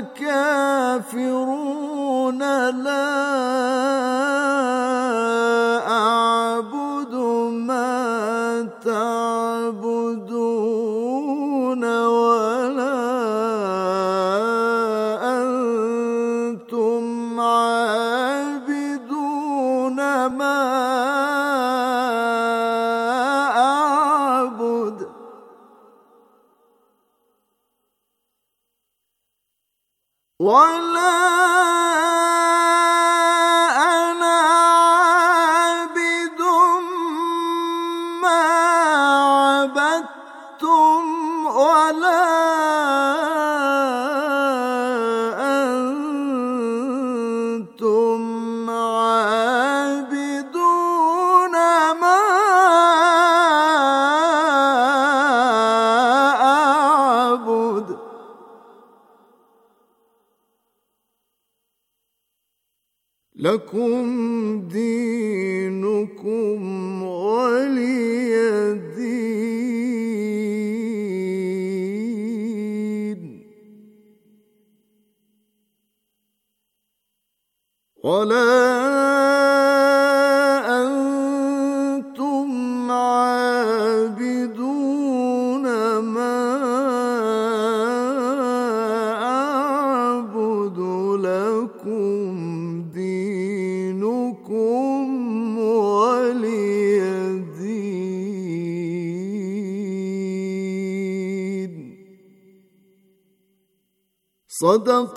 الكافرون لا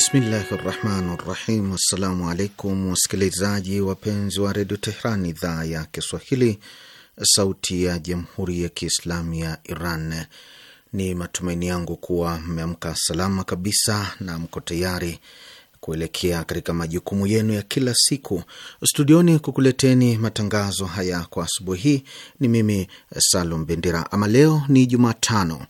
Bismillahi rahmani rahim. Assalamu alaikum wasikilizaji wapenzi wa redio Tehran, idhaa ya Kiswahili, sauti ya jamhuri ya kiislamu ya Iran. Ni matumaini yangu kuwa mmeamka salama kabisa na mko tayari kuelekea katika majukumu yenu ya kila siku. Studioni kukuleteni matangazo haya kwa asubuhi hii ni mimi Salum Bendera. Ama leo ni Jumatano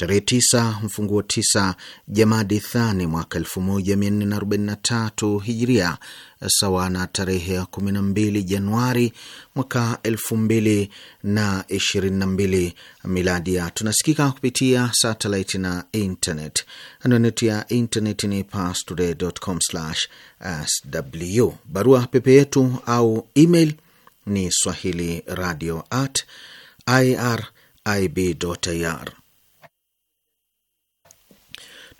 tarehe 9 mfunguo tisa Jamadi Thani mwaka 1443 hijiria sawa na tarehe ya 12 Januari mwaka 2022 Miladia. Tunasikika kupitia satellite na internet. Anwani ya internet ni parstoday.com/sw. Barua pepe yetu au email ni swahili radio at irib.ir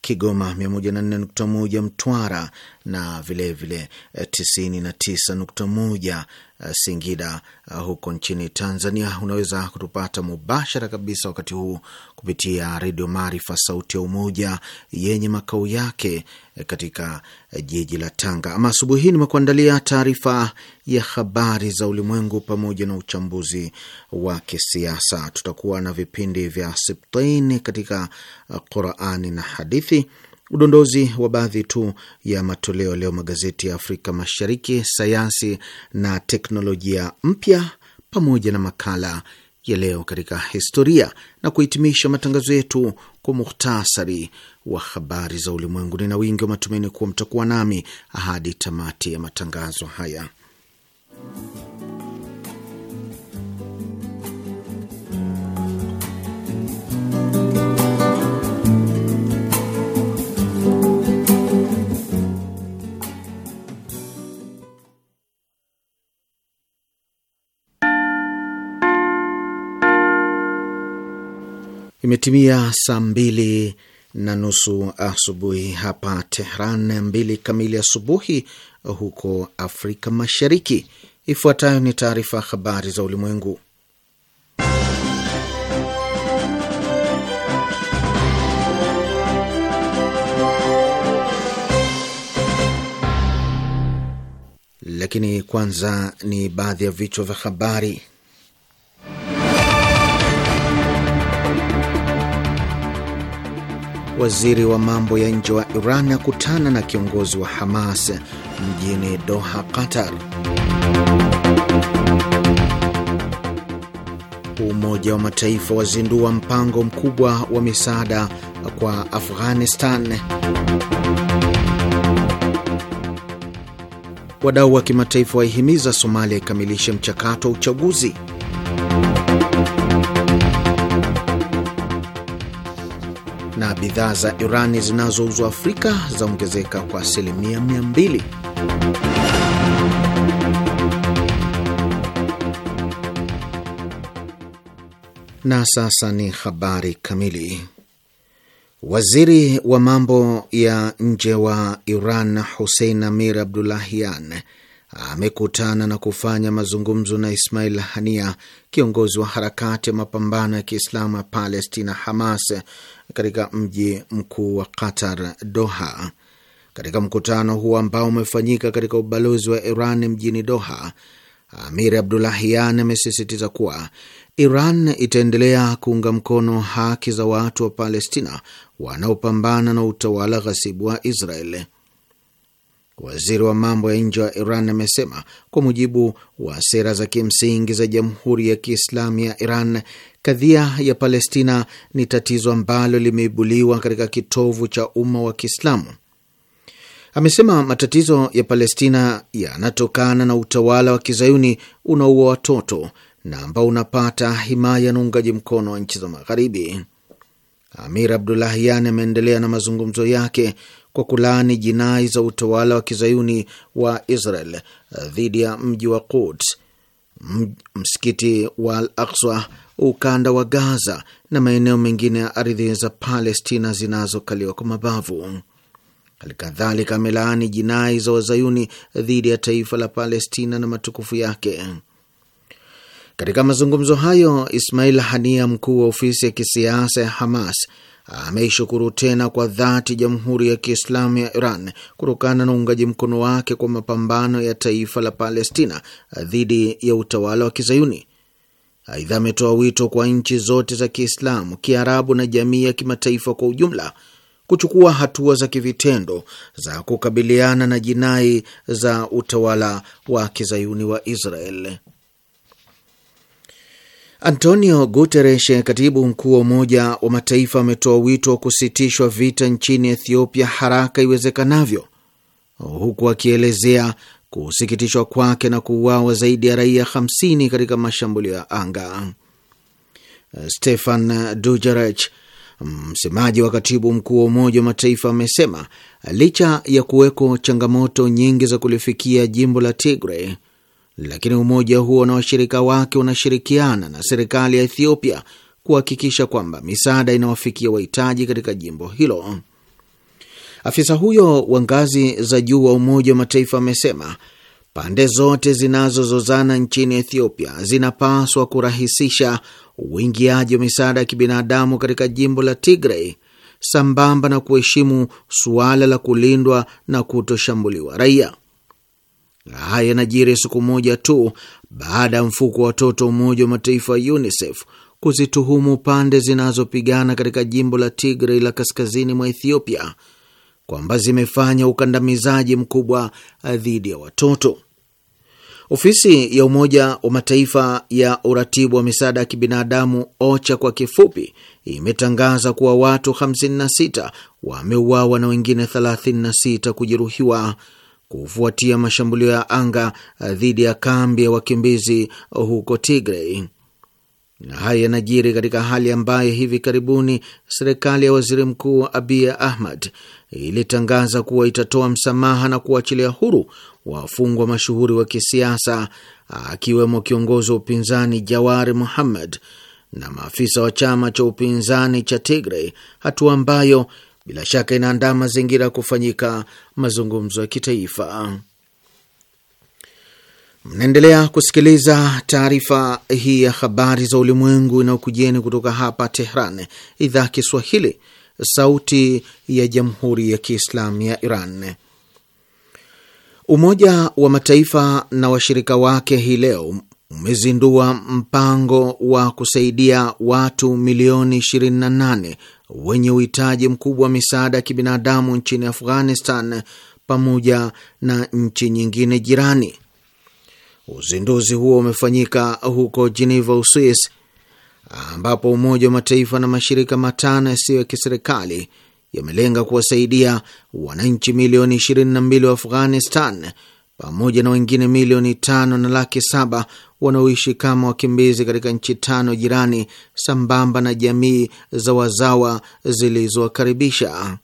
Kigoma 104.1, Mtwara na vilevile 99.1 eh, eh, Singida eh, huko nchini Tanzania. Unaweza kutupata mubashara kabisa wakati huu kupitia Redio Maarifa, sauti ya Umoja, yenye makao yake katika jiji la Tanga. Ama asubuhi hii nimekuandalia taarifa ya habari za ulimwengu pamoja na uchambuzi wa kisiasa. Tutakuwa na vipindi vya siptini katika Qurani na hadithi, udondozi wa baadhi tu ya matoleo leo magazeti ya Afrika Mashariki, sayansi na teknolojia mpya, pamoja na makala ya leo katika historia, na kuhitimisha matangazo yetu kwa muhtasari wa habari za ulimwengu. Nina wingi wa matumaini kuwa mtakuwa nami hadi tamati ya matangazo haya. Imetimia saa mbili na nusu asubuhi hapa Tehran, mbili kamili asubuhi huko Afrika Mashariki. Ifuatayo ni taarifa habari za ulimwengu, lakini kwanza ni baadhi ya vichwa vya habari. Waziri wa mambo ya nje wa Iran akutana na kiongozi wa Hamas mjini Doha, Qatar. Umoja wa Mataifa wazindua mpango mkubwa wa misaada kwa Afghanistan. Wadau wa kimataifa waihimiza Somalia ikamilishe mchakato wa uchaguzi. bidhaa za Irani zinazouzwa Afrika zaongezeka kwa asilimia 200. Na sasa ni habari kamili. Waziri wa mambo ya nje wa Iran Hussein Amir Abdulahian amekutana na kufanya mazungumzo na Ismail Hania, kiongozi wa harakati ya mapambano ya Kiislamu ya Palestina, Hamas, katika mji mkuu wa Qatar, Doha. Katika mkutano huo ambao umefanyika katika ubalozi wa Iran mjini Doha, Amir Abdulahian amesisitiza kuwa Iran itaendelea kuunga mkono haki za watu wa Palestina wanaopambana na utawala ghasibu wa Israeli. Waziri wa mambo ya nje wa Iran amesema kwa mujibu wa sera za kimsingi za Jamhuri ya Kiislamu ya Iran, kadhia ya Palestina ni tatizo ambalo limeibuliwa katika kitovu cha umma wa Kiislamu. Amesema matatizo ya Palestina yanatokana na utawala wa kizayuni unaua watoto na ambao unapata himaya na uungaji mkono wa nchi za Magharibi. Amir Abdulahian ameendelea na mazungumzo yake kwa kulaani jinai za utawala wa kizayuni wa Israel dhidi ya mji wa Quds, msikiti wa Al akswa ukanda wa Gaza na maeneo mengine ya ardhi za Palestina zinazokaliwa kwa mabavu. Halikadhalika amelaani jinai za wazayuni dhidi ya taifa la Palestina na matukufu yake. Katika mazungumzo hayo, Ismail Hania, mkuu wa ofisi ya kisiasa ya Hamas, ameishukuru tena kwa dhati Jamhuri ya Kiislamu ya Iran kutokana na uungaji mkono wake kwa mapambano ya taifa la Palestina dhidi ya utawala wa Kizayuni. Aidha, ametoa wito kwa nchi zote za Kiislamu, Kiarabu na jamii ya kimataifa kwa ujumla kuchukua hatua za kivitendo za kukabiliana na jinai za utawala wa Kizayuni wa Israel. Antonio Guterres, katibu mkuu wa Umoja wa Mataifa, ametoa wito wa kusitishwa vita nchini Ethiopia haraka iwezekanavyo, huku akielezea kusikitishwa kwake na kuuawa zaidi ya raia 50 katika mashambulio ya anga. Stefan Dujarric, msemaji wa katibu mkuu wa Umoja wa Mataifa, amesema licha ya kuweko changamoto nyingi za kulifikia jimbo la Tigray lakini umoja huo na washirika wake unashirikiana na serikali ya Ethiopia kuhakikisha kwamba misaada inawafikia wahitaji katika jimbo hilo. Afisa huyo wa ngazi za juu wa Umoja wa Mataifa amesema pande zote zinazozozana nchini Ethiopia zinapaswa kurahisisha uingiaji wa misaada ya kibinadamu katika jimbo la Tigray sambamba na kuheshimu suala la kulindwa na kutoshambuliwa raia. Na haya yanajiri siku moja tu baada ya mfuko wa watoto Umoja wa Mataifa UNICEF kuzituhumu pande zinazopigana katika jimbo la Tigray la kaskazini mwa Ethiopia kwamba zimefanya ukandamizaji mkubwa dhidi ya watoto. Ofisi ya Umoja wa Mataifa ya uratibu wa misaada ya kibinadamu OCHA kwa kifupi imetangaza kuwa watu 56 wameuawa na wengine 36 kujeruhiwa kufuatia mashambulio ya anga eh, dhidi ya kambi ya wakimbizi eh, huko Tigray. Na haya yanajiri katika hali ambayo hivi karibuni serikali ya waziri mkuu Abiy Ahmed ilitangaza kuwa itatoa msamaha na kuachilia huru wafungwa mashuhuri wa kisiasa akiwemo kiongozi wa upinzani Jawari muhammad na maafisa wa chama cha upinzani cha Tigray, hatua ambayo bila shaka inaandaa mazingira ya kufanyika mazungumzo ya kitaifa. Mnaendelea kusikiliza taarifa hii ya habari za ulimwengu inayokujieni kutoka hapa Tehran, idhaa ya Kiswahili, sauti ya jamhuri ya kiislamu ya Iran. Umoja wa Mataifa na washirika wake hii leo umezindua mpango wa kusaidia watu milioni 28 wenye uhitaji mkubwa wa misaada ya kibinadamu nchini Afghanistan pamoja na nchi nyingine jirani. Uzinduzi huo umefanyika huko Geneva, Uswis, ambapo Umoja wa Mataifa na mashirika matano yasiyo ya kiserikali yamelenga kuwasaidia wananchi milioni 22 wa Afghanistan pamoja na wengine milioni tano na laki saba wanaoishi kama wakimbizi katika nchi tano jirani sambamba na jamii za wazawa zilizowakaribisha.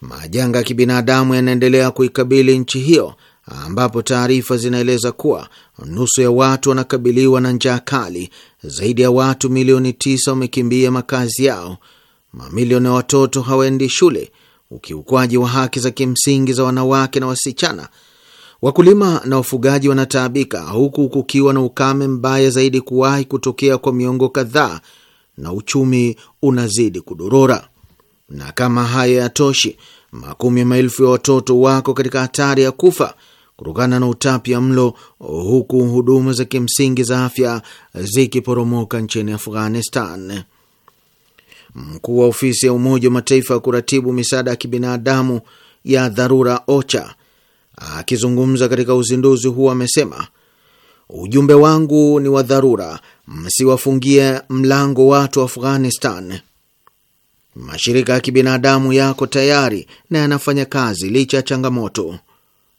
Majanga ya kibinadamu yanaendelea kuikabili nchi hiyo ambapo taarifa zinaeleza kuwa nusu ya watu wanakabiliwa na njaa kali, zaidi ya watu milioni tisa wamekimbia makazi yao, mamilioni ya watoto hawaendi shule, ukiukwaji wa haki za kimsingi za wanawake na wasichana Wakulima na wafugaji wanataabika huku kukiwa na ukame mbaya zaidi kuwahi kutokea kwa miongo kadhaa, na uchumi unazidi kudorora. Na kama haya yatoshi, makumi ya maelfu ya watoto wako katika hatari ya kufa kutokana na utapia mlo, huku huduma za kimsingi za afya zikiporomoka nchini Afghanistan. Mkuu wa ofisi ya Umoja wa Mataifa ya kuratibu misaada ya kibinadamu ya dharura OCHA Akizungumza katika uzinduzi huo amesema, ujumbe wangu ni wa dharura, msiwafungie mlango watu wa Afghanistan. Mashirika ya kibinadamu yako tayari na yanafanya kazi licha ya changamoto.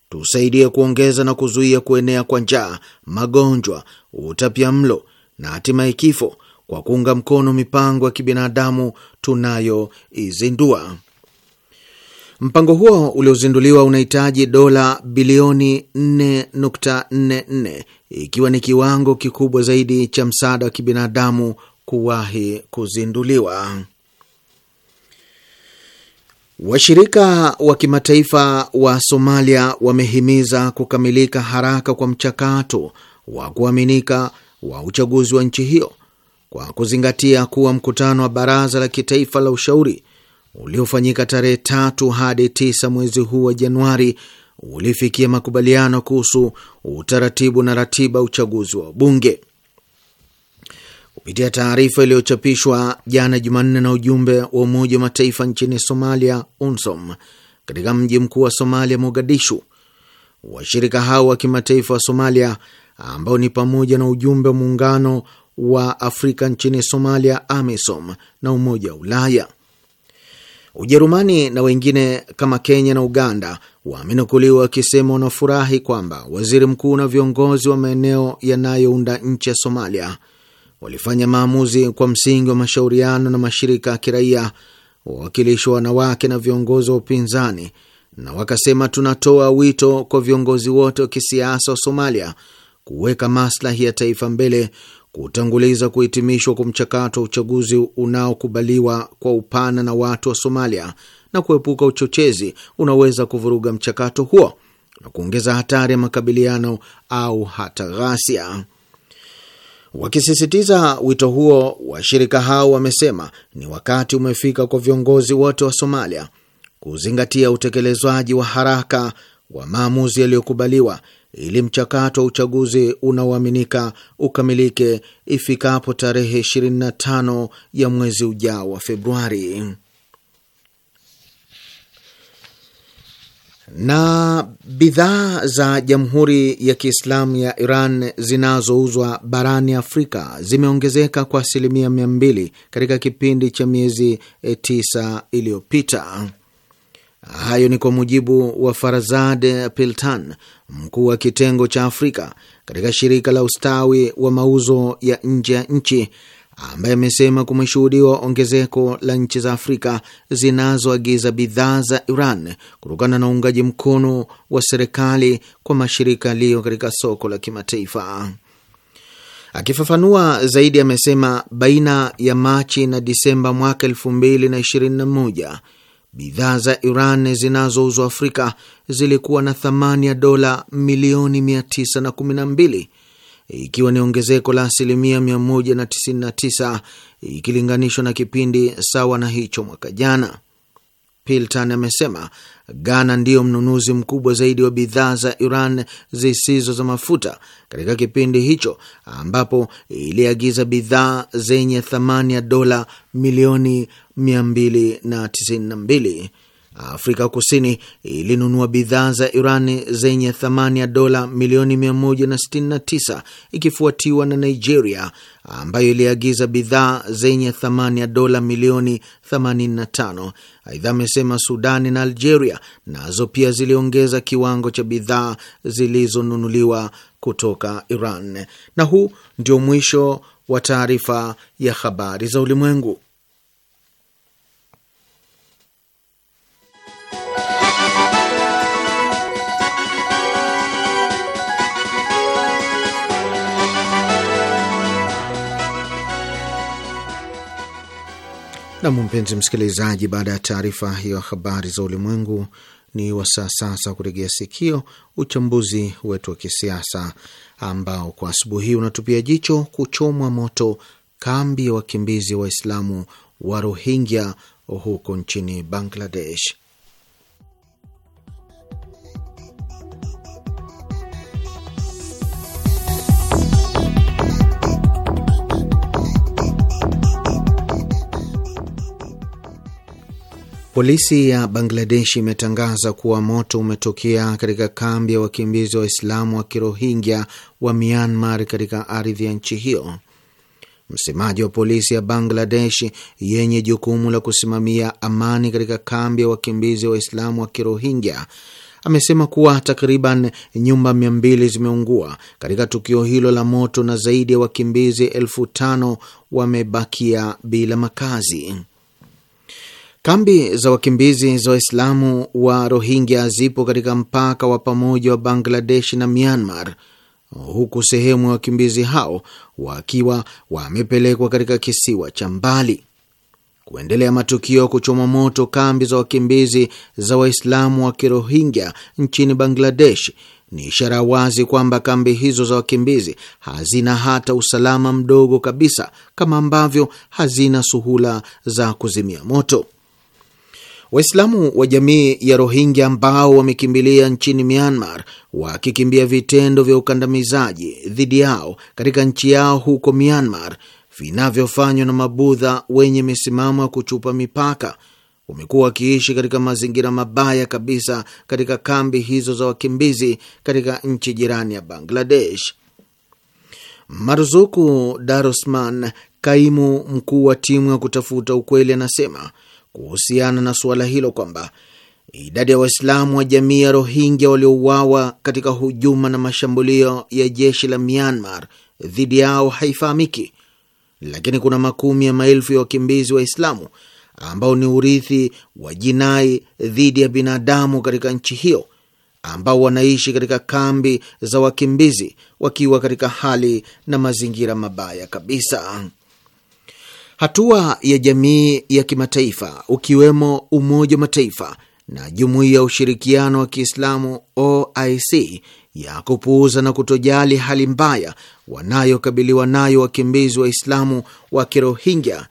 Tusaidie kuongeza na kuzuia kuenea kwa njaa, magonjwa, mlo na hatimaye kifo kwa kuunga mkono mipango ya kibinadamu tunayoizindua. Mpango huo uliozinduliwa unahitaji dola bilioni 4.44 ikiwa ni kiwango kikubwa zaidi cha msaada wa kibinadamu kuwahi kuzinduliwa. Washirika wa kimataifa wa Somalia wamehimiza kukamilika haraka kwa mchakato wa kuaminika wa uchaguzi wa nchi hiyo kwa kuzingatia kuwa mkutano wa Baraza la Kitaifa la Ushauri uliofanyika tarehe tatu hadi tisa mwezi huu wa Januari ulifikia makubaliano kuhusu utaratibu na ratiba uchaguzi wa bunge. Kupitia taarifa iliyochapishwa jana Jumanne na ujumbe wa Umoja wa Mataifa nchini Somalia, UNSOM, katika mji mkuu wa Somalia, Mogadishu, washirika hao wa kimataifa wa Somalia ambao ni pamoja na ujumbe wa Muungano wa Afrika nchini Somalia, AMISOM, na Umoja wa Ulaya Ujerumani na wengine kama Kenya na Uganda wamenukuliwa wakisema wanafurahi kwamba waziri mkuu na viongozi wa maeneo yanayounda nchi ya Somalia walifanya maamuzi kwa msingi wa mashauriano na mashirika ya kiraia, wawakilishi wa wanawake na viongozi wa upinzani, na wakasema, tunatoa wito kwa viongozi wote wa kisiasa wa Somalia kuweka maslahi ya taifa mbele kutanguliza kuhitimishwa kwa mchakato wa uchaguzi unaokubaliwa kwa upana na watu wa Somalia na kuepuka uchochezi unaweza kuvuruga mchakato huo na kuongeza hatari ya makabiliano au hata ghasia. Wakisisitiza wito huo, washirika hao wamesema ni wakati umefika kwa viongozi wote wa Somalia kuzingatia utekelezwaji wa haraka wa maamuzi yaliyokubaliwa ili mchakato wa uchaguzi unaoaminika ukamilike ifikapo tarehe 25 ya mwezi ujao wa Februari. Na bidhaa za Jamhuri ya Kiislamu ya Iran zinazouzwa barani Afrika zimeongezeka kwa asilimia mia mbili katika kipindi cha miezi eh, tisa iliyopita. Hayo ni kwa mujibu wa Farazad Piltan, mkuu wa kitengo cha Afrika katika shirika la ustawi wa mauzo ya nje ya nchi, ambaye amesema kumeshuhudiwa ongezeko la nchi za Afrika zinazoagiza bidhaa za Iran kutokana na uungaji mkono wa serikali kwa mashirika yaliyo katika soko la kimataifa. Akifafanua zaidi, amesema baina ya Machi na Disemba mwaka elfu mbili na ishirini na moja bidhaa za Iran zinazouzwa Afrika zilikuwa na thamani ya dola milioni 912 ikiwa ni ongezeko la asilimia 199 ikilinganishwa na kipindi sawa na hicho mwaka jana. Piltan amesema Ghana ndiyo mnunuzi mkubwa zaidi wa bidhaa za Iran zisizo za mafuta katika kipindi hicho, ambapo iliagiza bidhaa zenye thamani ya dola milioni 292. Afrika Kusini ilinunua bidhaa za Iran zenye thamani ya dola milioni 169 ikifuatiwa na Nigeria ambayo iliagiza bidhaa zenye thamani ya dola milioni 85. Aidha, amesema Sudani na Algeria nazo pia ziliongeza kiwango cha bidhaa zilizonunuliwa kutoka Iran. Na huu ndio mwisho wa taarifa ya habari za ulimwengu. Nam, mpenzi msikilizaji, baada ya taarifa hiyo habari za ulimwengu, ni wasaa sasa kuregea sikio uchambuzi wetu wa kisiasa ambao kwa asubuhi hii unatupia jicho kuchomwa moto kambi ya wakimbizi Waislamu wa Rohingya huko nchini Bangladesh. Polisi ya Bangladesh imetangaza kuwa moto umetokea katika kambi ya wakimbizi wa Waislamu wa Kirohingya wa Myanmar katika ardhi ya nchi hiyo. Msemaji wa polisi ya Bangladesh yenye jukumu la kusimamia amani katika kambi ya wakimbizi wa Waislamu wa Kirohingya amesema kuwa takriban nyumba mia mbili zimeungua katika tukio hilo la moto na zaidi ya wakimbizi elfu tano wamebakia bila makazi. Kambi za wakimbizi za Waislamu wa Rohingya zipo katika mpaka wa pamoja wa Bangladesh na Myanmar, huku sehemu ya wakimbizi hao wakiwa wamepelekwa katika kisiwa cha mbali. Kuendelea matukio ya kuchoma moto kambi za wakimbizi za Waislamu wa Kirohingya nchini Bangladesh ni ishara wazi kwamba kambi hizo za wakimbizi hazina hata usalama mdogo kabisa, kama ambavyo hazina suhula za kuzimia moto. Waislamu wa jamii ya Rohingya ambao wamekimbilia nchini Myanmar wakikimbia vitendo vya ukandamizaji dhidi yao katika nchi yao huko Myanmar vinavyofanywa na Mabudha wenye misimamo ya kuchupa mipaka wamekuwa wakiishi katika mazingira mabaya kabisa katika kambi hizo za wakimbizi katika nchi jirani ya Bangladesh. Marzuku Darusman, kaimu mkuu wa timu ya kutafuta ukweli, anasema kuhusiana na suala hilo kwamba idadi ya Waislamu wa jamii ya Rohingya waliouawa katika hujuma na mashambulio ya jeshi la Myanmar dhidi yao haifahamiki, lakini kuna makumi ya maelfu ya wakimbizi Waislamu ambao ni urithi wa jinai dhidi ya binadamu katika nchi hiyo ambao wanaishi katika kambi za wakimbizi wakiwa katika hali na mazingira mabaya kabisa. Hatua ya jamii ya kimataifa ukiwemo Umoja wa Mataifa na Jumuiya ya Ushirikiano wa Kiislamu OIC ya kupuuza na kutojali hali mbaya wanayokabiliwa nayo wakimbizi Waislamu wa Kirohingya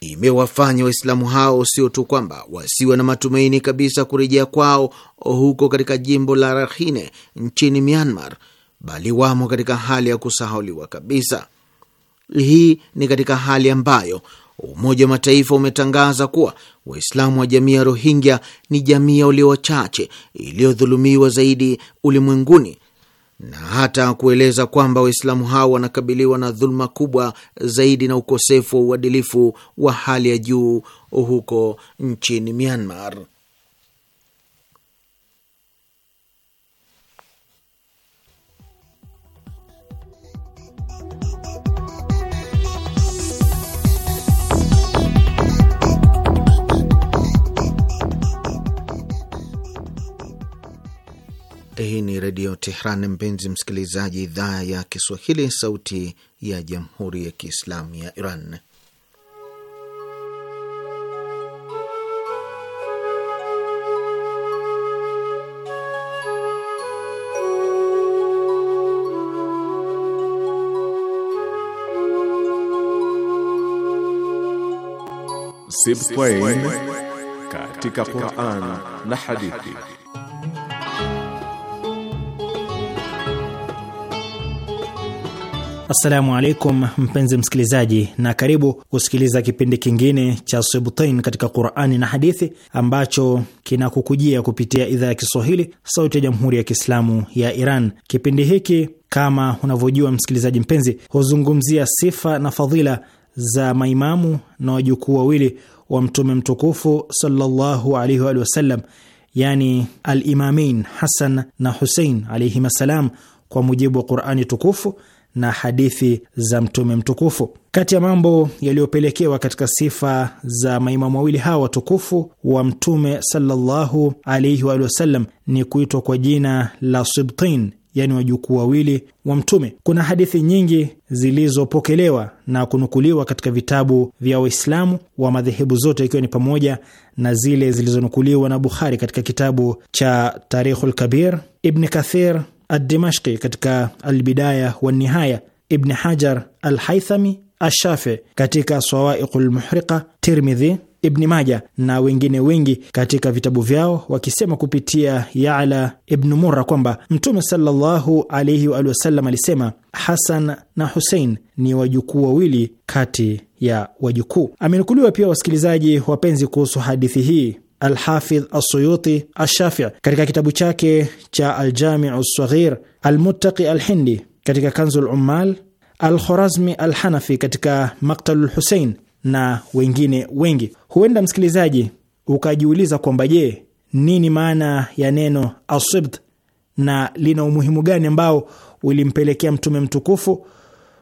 imewafanya Waislamu hao sio tu kwamba wasiwe na matumaini kabisa kurejea kwao huko katika jimbo la Rakhine nchini Myanmar, bali wamo katika hali ya kusahauliwa kabisa. Hii ni katika hali ambayo Umoja wa Mataifa umetangaza kuwa Waislamu wa jamii ya Rohingya ni jamii ya walio wachache iliyodhulumiwa zaidi ulimwenguni na hata kueleza kwamba Waislamu hao wanakabiliwa na dhuluma kubwa zaidi na ukosefu wa uadilifu wa hali ya juu huko nchini Myanmar. Hii ni Redio Tehran, mpenzi msikilizaji, idhaa ya Kiswahili, sauti ya Jamhuri ya Kiislamu ya Iran. Sibtain katika Quran na hadithi Assalamu alaikum mpenzi msikilizaji, na karibu kusikiliza kipindi kingine cha Sibtain katika Qurani na Hadithi ambacho kinakukujia kupitia idhaa ya Kiswahili, Sauti ya Jamhuri ya Kiislamu ya Iran. Kipindi hiki kama unavyojua msikilizaji mpenzi, huzungumzia sifa na fadhila za maimamu na wajukuu wawili wa Mtume mtukufu sallallahu alaihi wa yani Alimamin Hasan na Husein alaihim assalam, kwa mujibu wa Qurani tukufu na hadithi za Mtume mtukufu. Kati ya mambo yaliyopelekewa katika sifa za maimamu wawili hawa watukufu wa Mtume sallallahu alaihi wa ni kuitwa kwa jina la Sibtin, yani wajukuu wawili wa Mtume. Kuna hadithi nyingi zilizopokelewa na kunukuliwa katika vitabu vya Waislamu wa madhehebu zote, ikiwa ni pamoja na zile zilizonukuliwa na Bukhari katika kitabu cha Tarikhul Kabir, Ibni Kathir ad katika Albidaya wa Nihaya, Ibn Hajar alhaithami Ashafi katika sawaiqu lmuhriqa Tirmidhi, Ibni Maja na wengine wengi katika vitabu vyao wakisema kupitia Yala Ibnu Murra kwamba Mtume sallallahu alaihi wa wasallam alisema, Hasan na Husein ni wajukuu wawili kati ya wajukuu. Amenukuliwa pia, wasikilizaji wapenzi, kuhusu hadithi hii Alhafidh asuyuti Alshafii katika kitabu chake cha Aljamiu Saghir, Almuttaqi Alhindi katika kanzu Lummal, Alkhorazmi Alhanafi katika Maktalu lhusein na wengine wengi. Huenda msikilizaji ukajiuliza kwamba je, nini maana ya neno asibt na lina umuhimu gani ambao ulimpelekea Mtume mtukufu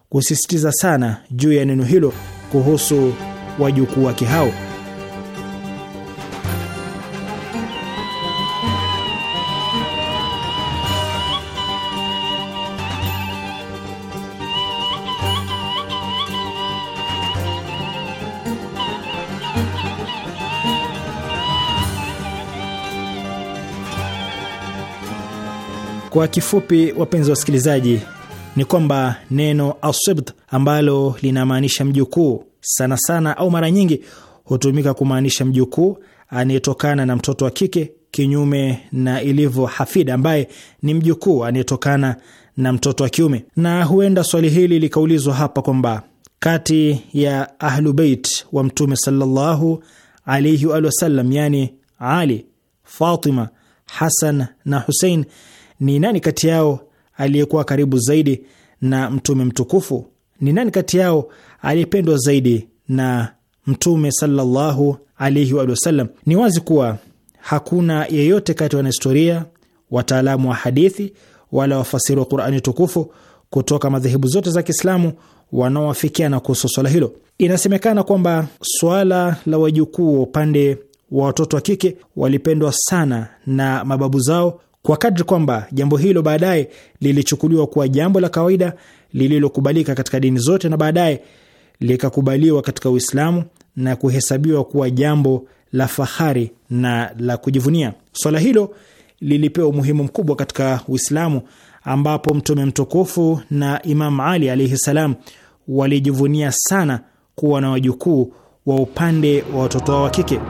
kusisitiza sana juu ya neno hilo kuhusu wajukuu wake hao? Kwa kifupi, wapenzi wa wasikilizaji, ni kwamba neno asibt ambalo linamaanisha mjukuu sana sana au mara nyingi hutumika kumaanisha mjukuu anayetokana na mtoto wa kike, kinyume na ilivyo hafid ambaye ni mjukuu anayetokana na mtoto wa kiume. Na huenda swali hili likaulizwa hapa kwamba kati ya ahlu beit wa Mtume sallallahu alaihi wasallam, yani Ali, Fatima, Hasan na Husein ni nani kati yao aliyekuwa karibu zaidi na mtume mtukufu? Ni nani kati yao aliyependwa zaidi na mtume sallallahu alaihi wa sallam? Ni wazi kuwa hakuna yeyote kati ya wanahistoria, wataalamu wa hadithi wala wafasiri wa Qur'ani tukufu kutoka madhehebu zote za Kiislamu wanaowafikiana kuhusu swala hilo. Inasemekana kwamba swala la wajukuu wa upande wa watoto wa kike walipendwa sana na mababu zao kwa kadri kwamba jambo hilo baadaye lilichukuliwa kuwa jambo la kawaida lililokubalika katika dini zote na baadaye likakubaliwa katika Uislamu na kuhesabiwa kuwa jambo la fahari na la kujivunia. Swala hilo lilipewa umuhimu mkubwa katika Uislamu, ambapo Mtume mtukufu na Imam Ali alaihi salam walijivunia sana kuwa na wajukuu wa upande wa watoto wao wa kike.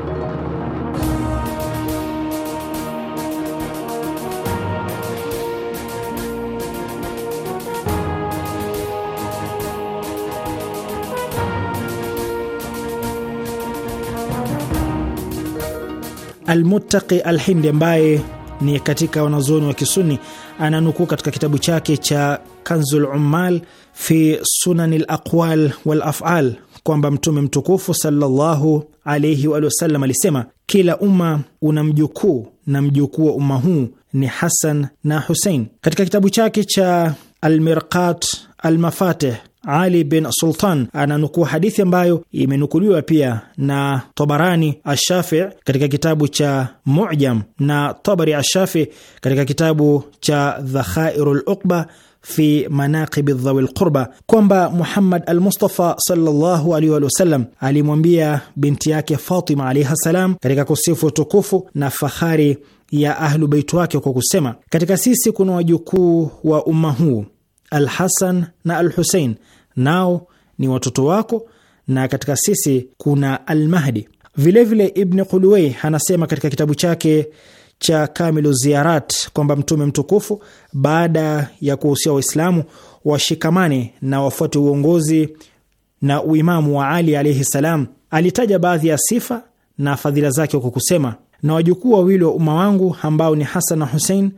Almuttaqi Alhindi ambaye ni katika wanazuoni wa Kisuni ananukuu katika kitabu chake cha Kanzul Ummal fi Sunani Laqwal Walafal kwamba Mtume mtukufu sallallahu alaihi wa sallam alisema, kila umma una mjukuu na mjukuu wa umma huu ni Hasan na Husein. Katika kitabu chake cha Almirqat Almafatih ali bin Sultan ananukuu hadithi ambayo imenukuliwa pia na Tabarani Ashafi katika kitabu cha Mujam na Tabari Ashafi katika kitabu cha Dhakhairu Luqba fi manaqibi dhawi lqurba kwamba Muhammad Almustafa sallallahu alaihi wa sallam alimwambia binti yake Fatima alaihi salam katika kusifu tukufu na fahari ya ahlu beiti wake kwa kusema, katika sisi kuna wajukuu wa umma huu Al Hasan na Al Husein nao ni watoto wako, na katika sisi kuna Al Mahdi. Vilevile Ibni Quluwei anasema katika kitabu chake cha Kamilu Ziarat kwamba Mtume mtukufu baada ya kuhusia Waislamu washikamane na wafuate uongozi na uimamu wa Ali alaihi salam, alitaja baadhi ya sifa na fadhila zake kwa kusema, na wajukuu wawili wa umma wangu ambao ni Hasan na Husein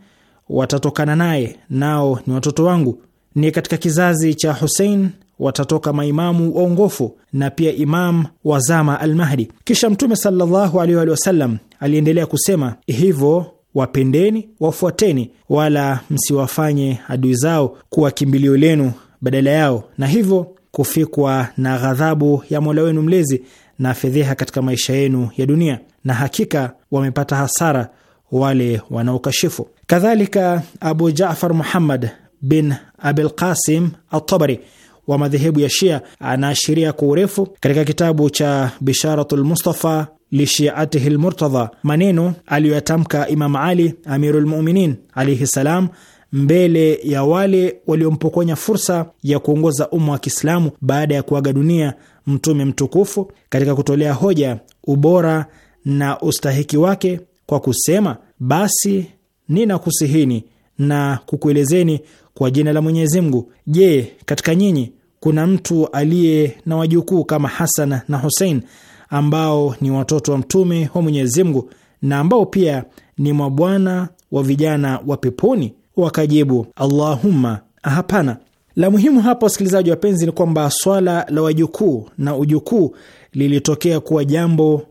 watatokana naye, nao ni watoto wangu ni katika kizazi cha Husein watatoka maimamu waongofu na pia imam wa zama Almahdi. Kisha Mtume sallallahu alaihi wasallam aliendelea kusema hivyo, wapendeni, wafuateni, wala msiwafanye adui zao kuwa kimbilio lenu badala yao, na hivyo kufikwa na ghadhabu ya Mola wenu mlezi na fedheha katika maisha yenu ya dunia, na hakika wamepata hasara wale wanaokashifu. Kadhalika Abu Jafar Muhammad bin Abel Qasim Atabari wa madhehebu ya Shia anaashiria kwa urefu katika kitabu cha Bisharatul Mustafa lishiatihi lmurtadha maneno aliyoyatamka Imam Ali Amirul Muminin alaihi salam mbele ya wale waliompokonya fursa ya kuongoza umma wa Kiislamu baada ya kuaga dunia mtume mtukufu katika kutolea hoja ubora na ustahiki wake kwa kusema, basi ninakusihini na kukuelezeni kwa jina la Mwenyezi Mungu, je, katika nyinyi kuna mtu aliye na wajukuu kama Hasan na Husein ambao ni watoto wa mtume wa Mwenyezi Mungu na ambao pia ni mabwana wa vijana wa peponi? Wakajibu, Allahumma, hapana. La muhimu hapa, wasikilizaji wapenzi, ni kwamba swala la wajukuu na ujukuu lilitokea kuwa jambo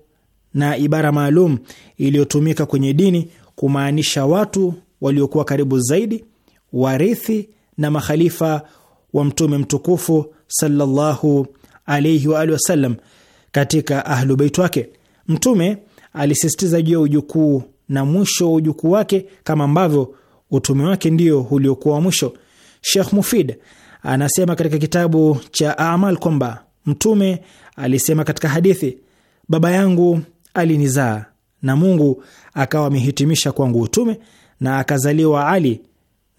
na ibara maalum iliyotumika kwenye dini kumaanisha watu waliokuwa karibu zaidi warithi na makhalifa wa mtume mtukufu sallallahu alaihi wa alihi wasallam katika ahlu wake. Mtume alisisitiza juu ya ujukuu na mwisho wa ujukuu wake kama ambavyo utume wake ndio uliokuwa wa mwisho. Shekh Mufid anasema katika kitabu cha Amal kwamba Mtume alisema katika hadithi, baba yangu alinizaa na Mungu akawa amehitimisha kwangu utume, na akazaliwa Ali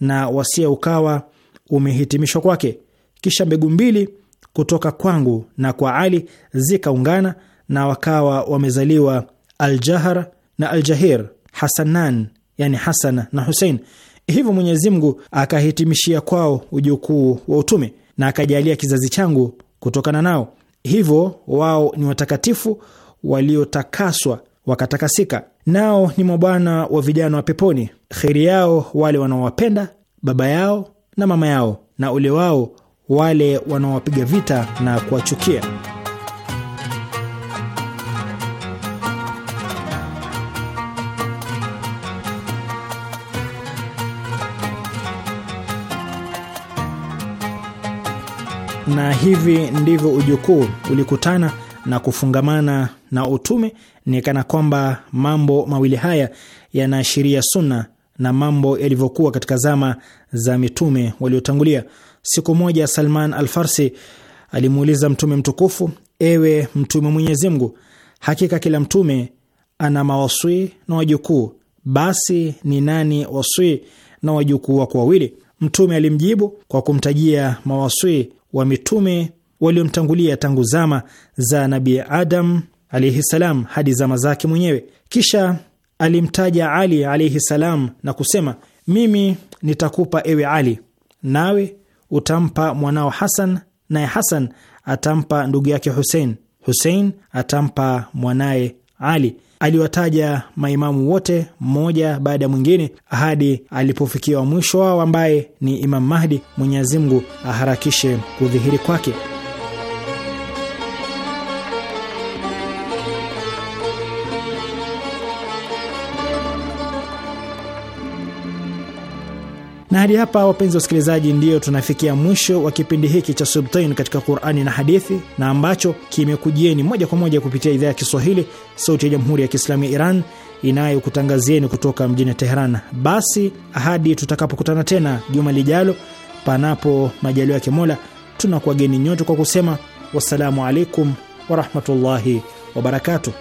na wasia ukawa umehitimishwa kwake. Kisha mbegu mbili kutoka kwangu na kwa Ali zikaungana na wakawa wamezaliwa Aljahar na Aljahir, Hasanan yani Hasan na Husein. Hivyo Mwenyezi Mungu akahitimishia kwao ujukuu wa utume na akajalia kizazi changu kutokana nao. Hivyo wao ni watakatifu waliotakaswa wakatakasika, nao ni mabwana wa vijana wa peponi. Kheri yao wale wanaowapenda baba yao na mama yao, na ule wao wale wanaowapiga vita na kuwachukia. Na hivi ndivyo ujukuu ulikutana na kufungamana na utume ni kana kwamba mambo mawili haya yanaashiria sunna na mambo yalivyokuwa katika zama za mitume waliotangulia. Siku moja Salman Alfarsi alimuuliza Mtume mtukufu, ewe Mtume Mwenyezi Mungu, hakika kila mtume ana mawaswi na wajukuu, basi ni nani waswi na wajukuu wako wawili? Mtume alimjibu kwa kumtajia mawaswi wa mitume waliomtangulia tangu zama za Nabii Adam alaihi salam hadi zama zake mwenyewe. Kisha alimtaja Ali alaihi salam na kusema, mimi nitakupa ewe Ali, nawe utampa mwanao Hasan, naye Hasan atampa ndugu yake Husein, Husein atampa mwanaye Ali. Aliwataja maimamu wote mmoja baada ya mwingine hadi alipofikia mwisho wao ambaye ni Imam Mahdi, Mwenyezi Mungu aharakishe kudhihiri kwake. Na hadi hapa, wapenzi wasikilizaji, ndiyo tunafikia mwisho wa kipindi hiki cha Subtain katika Qurani na Hadithi, na ambacho kimekujieni moja kwa moja kupitia idhaa ya Kiswahili, Sauti ya Jamhuri ya Kiislamu ya Iran inayokutangazieni kutoka mjini Teheran. Basi hadi tutakapokutana tena juma lijalo, panapo majalio ya Mola, tunakuwageni nyote kwa kusema wassalamu alaikum warahmatullahi wabarakatuh.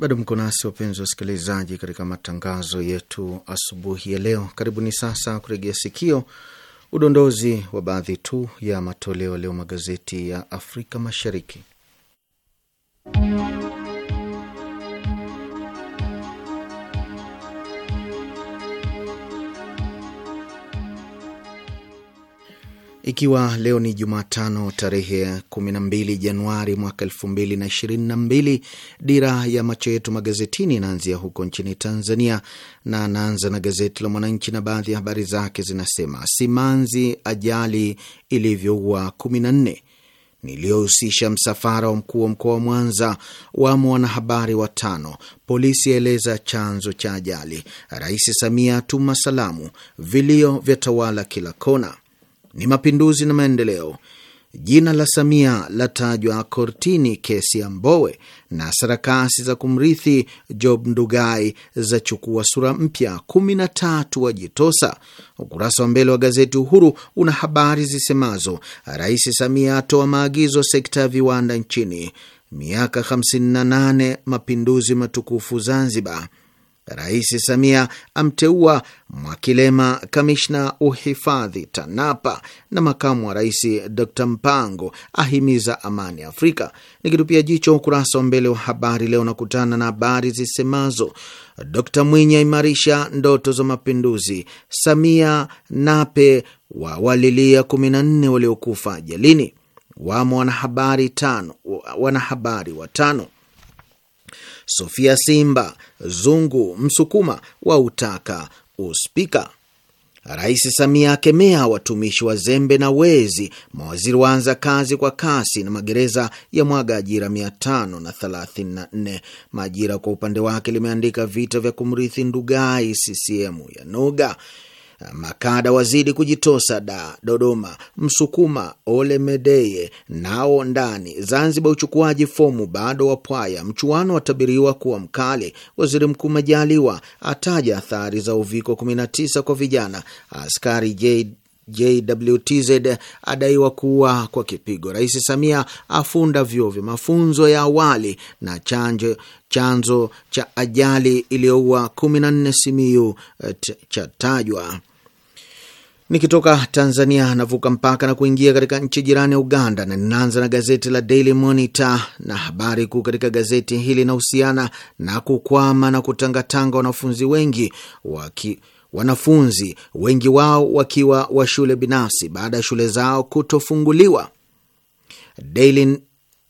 Bado mko nasi wapenzi wasikilizaji, katika matangazo yetu asubuhi ya leo. Karibuni sasa kuregea sikio udondozi wa baadhi tu ya matoleo leo magazeti ya Afrika Mashariki. Ikiwa leo ni Jumatano tarehe 12 Januari mwaka 2022, dira ya macho yetu magazetini inaanzia huko nchini Tanzania na anaanza na gazeti la Mwananchi na baadhi ya habari zake zinasema: simanzi ajali ilivyoua 14 niliyohusisha msafara wa mkuu wa mkoa wa Mwanza, wamo wanahabari watano. Polisi aeleza chanzo cha ajali. Rais Samia atuma salamu. Vilio vya tawala kila kona ni mapinduzi na maendeleo. Jina la Samia latajwa kortini kesi ya Mbowe, na sarakasi za kumrithi Job Ndugai za chukua sura mpya. kumi na tatu wajitosa. Ukurasa wa mbele wa gazeti Uhuru una habari zisemazo Rais Samia atoa maagizo sekta ya viwanda nchini, miaka 58 mapinduzi matukufu Zanzibar Rais Samia amteua Mwakilema kamishna uhifadhi TANAPA na makamu wa rais Dr Mpango ahimiza amani Afrika. Nikitupia jicho ukurasa wa mbele wa Habari Leo nakutana na habari zisemazo: Dr Mwinyi aimarisha ndoto za mapinduzi, Samia Nape wawalilia nne waliokufa ajalini, wamo wanahabari watano Sofia Simba Zungu Msukuma wa utaka uspika. Rais Samia akemea watumishi wazembe na wezi. Mawaziri waanza kazi kwa kasi na magereza ya mwaga ajira 534. Majira kwa upande wake limeandika vita vya kumrithi Ndugai, CCM ya noga Makada wazidi kujitosa da Dodoma, Msukuma ole Medeye nao ndani. Zanzibar uchukuaji fomu bado wa pwaya Mchuano watabiriwa kuwa mkali. Waziri Mkuu Majaliwa ataja athari za uviko 19 kwa vijana. Askari J JWTZ adaiwa kuwa kwa kipigo. Rais Samia afunda vyuo vya mafunzo ya awali na chanjo. Chanzo cha ajali iliyoua 14 Simiyu eh, chatajwa. Nikitoka Tanzania navuka mpaka na kuingia katika nchi jirani ya Uganda, na ninaanza na gazeti la Daily Monitor, na habari kuu katika gazeti hili inahusiana na kukwama na kutangatanga wanafunzi wengi waki wanafunzi wengi wao wakiwa wa shule binafsi baada ya shule zao kutofunguliwa. Daily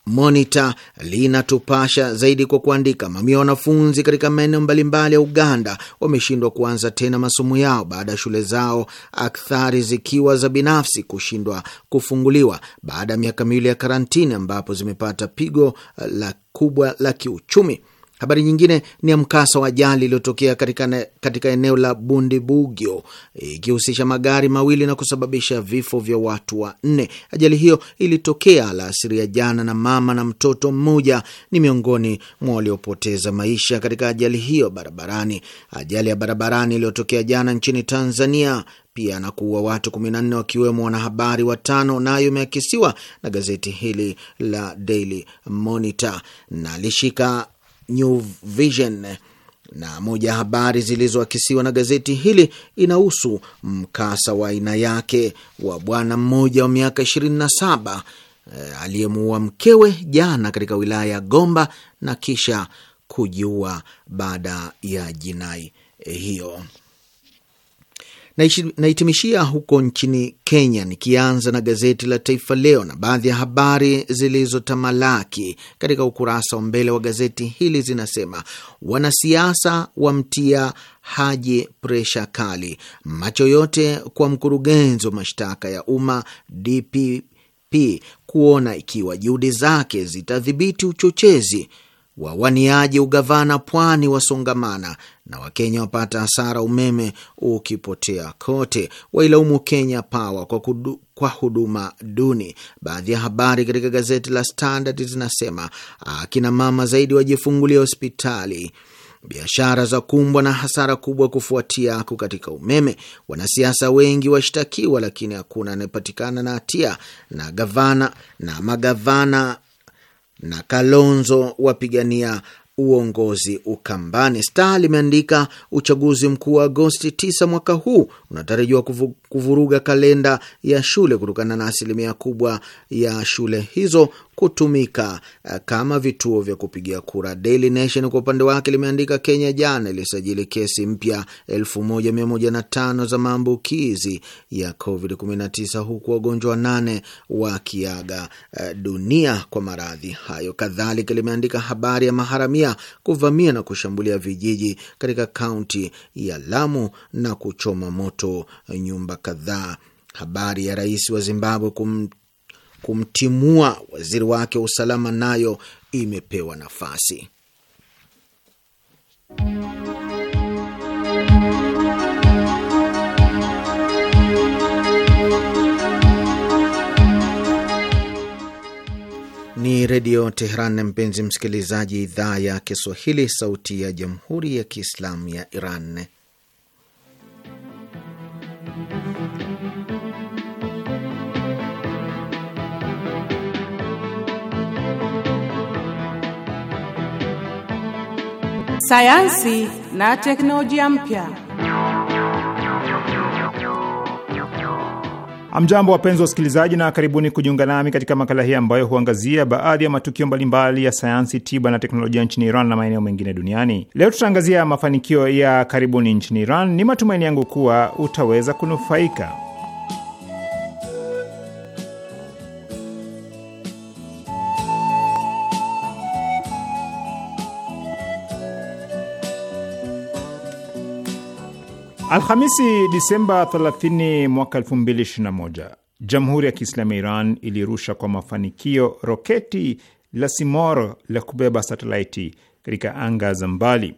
Monita linatupasha zaidi kwa kuandika, mamia wanafunzi katika maeneo mbalimbali ya Uganda wameshindwa kuanza tena masomo yao baada ya shule zao akthari zikiwa za binafsi kushindwa kufunguliwa baada ya miaka miwili ya karantini, ambapo zimepata pigo la kubwa la kiuchumi. Habari nyingine ni ya mkasa wa ajali iliyotokea katika, katika eneo la Bundibugyo ikihusisha magari mawili na kusababisha vifo vya watu wanne. Ajali hiyo ilitokea alasiri ya jana na mama na mtoto mmoja ni miongoni mwa waliopoteza maisha katika ajali hiyo barabarani. Ajali ya barabarani iliyotokea jana nchini Tanzania pia na kuua watu 14 wakiwemo wanahabari watano, nayo imeakisiwa na gazeti hili la Daily Monitor na lishika New Vision na moja ya habari zilizoakisiwa na gazeti hili inahusu mkasa wa aina yake wa bwana mmoja wa miaka 27 eh, aliyemuua mkewe jana katika wilaya ya Gomba na kisha kujiua baada ya jinai hiyo. Naitimishia huko nchini Kenya, nikianza na gazeti la Taifa Leo na baadhi ya habari zilizotamalaki katika ukurasa wa mbele wa gazeti hili zinasema: wanasiasa wamtia Haji presha kali, macho yote kwa mkurugenzi wa mashtaka ya umma DPP kuona ikiwa juhudi zake zitadhibiti uchochezi wawaniaji ugavana pwani wasongamana, na Wakenya wapata hasara umeme ukipotea kote, wailaumu Kenya Power kwa, kudu, kwa huduma duni. Baadhi ya habari katika gazeti la Standard zinasema akina mama zaidi wajifungulia hospitali biashara za kumbwa na hasara kubwa kufuatia kukatika umeme. Wanasiasa wengi washtakiwa, lakini hakuna anayepatikana na hatia, na gavana na magavana na Kalonzo wapigania uongozi Ukambani. Star limeandika uchaguzi mkuu wa Agosti 9 mwaka huu unatarajiwa kuvuruga kalenda ya shule kutokana na asilimia kubwa ya shule hizo kutumika eh, kama vituo vya kupigia kura. Daily Nation kwa upande wake limeandika Kenya jana ilisajili kesi mpya 1105 za maambukizi ya COVID-19 huku wagonjwa wanane wakiaga eh, dunia kwa maradhi hayo. Kadhalika limeandika habari ya maharamia kuvamia na kushambulia vijiji katika kaunti ya Lamu na kuchoma moto nyumba kadhaa. Habari ya rais wa Zimbabwe kum, kumtimua waziri wake wa usalama nayo imepewa nafasi. Ni Redio Teheran, mpenzi msikilizaji, idhaa ya Kiswahili, sauti ya jamhuri ya kiislamu ya Iran. Sayansi na teknolojia mpya. Amjambo, wapenzi wa usikilizaji, na karibuni kujiunga nami katika makala hii ambayo huangazia baadhi ya matukio mbalimbali ya sayansi, tiba na teknolojia nchini Iran na maeneo mengine duniani. Leo tutaangazia mafanikio ya karibuni nchini Iran. Ni matumaini yangu kuwa utaweza kunufaika. Alhamisi Disemba 30 mwaka 2021, Jamhuri ya Kiislamu ya Iran ilirusha kwa mafanikio roketi la Simor la kubeba satelaiti katika anga za mbali.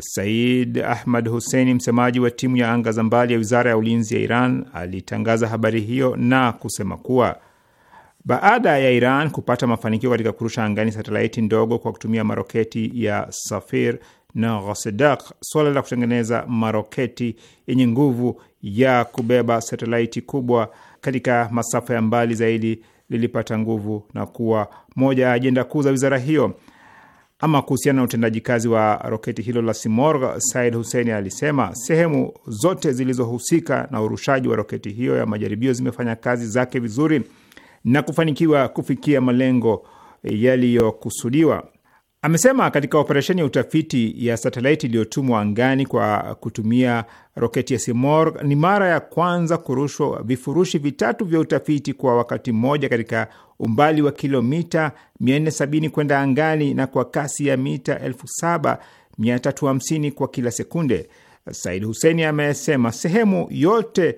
Said Ahmad Hussein, msemaji wa timu ya anga za mbali ya wizara ya ulinzi ya Iran, alitangaza habari hiyo na kusema kuwa baada ya Iran kupata mafanikio katika kurusha angani satelaiti ndogo kwa kutumia maroketi ya Safir na Ghosedak, suala la kutengeneza maroketi yenye nguvu ya kubeba satelaiti kubwa katika masafa ya mbali zaidi lilipata nguvu na kuwa moja ya ajenda kuu za wizara hiyo. Ama kuhusiana na utendaji kazi wa roketi hilo la Simorgh, Said Hussein alisema sehemu zote zilizohusika na urushaji wa roketi hiyo ya majaribio zimefanya kazi zake vizuri na kufanikiwa kufikia malengo yaliyokusudiwa. Amesema katika operesheni ya utafiti ya satelaiti iliyotumwa angani kwa kutumia roketi ya Simor ni mara ya kwanza kurushwa vifurushi vitatu vya utafiti kwa wakati mmoja katika umbali wa kilomita 470 kwenda angani na kwa kasi ya mita 7350 kwa kila sekunde. Said Huseni amesema sehemu yote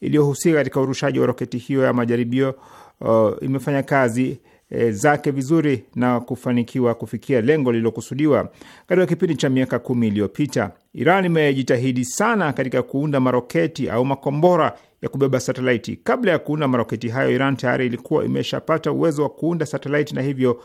iliyohusika katika urushaji wa roketi hiyo ya majaribio uh, imefanya kazi e, zake vizuri na kufanikiwa kufikia lengo lililokusudiwa. Katika kipindi cha miaka kumi iliyopita, Iran imejitahidi sana katika kuunda maroketi au makombora ya kubeba satelaiti. Kabla ya kuunda maroketi hayo, Iran tayari ilikuwa imeshapata uwezo wa kuunda satelaiti na hivyo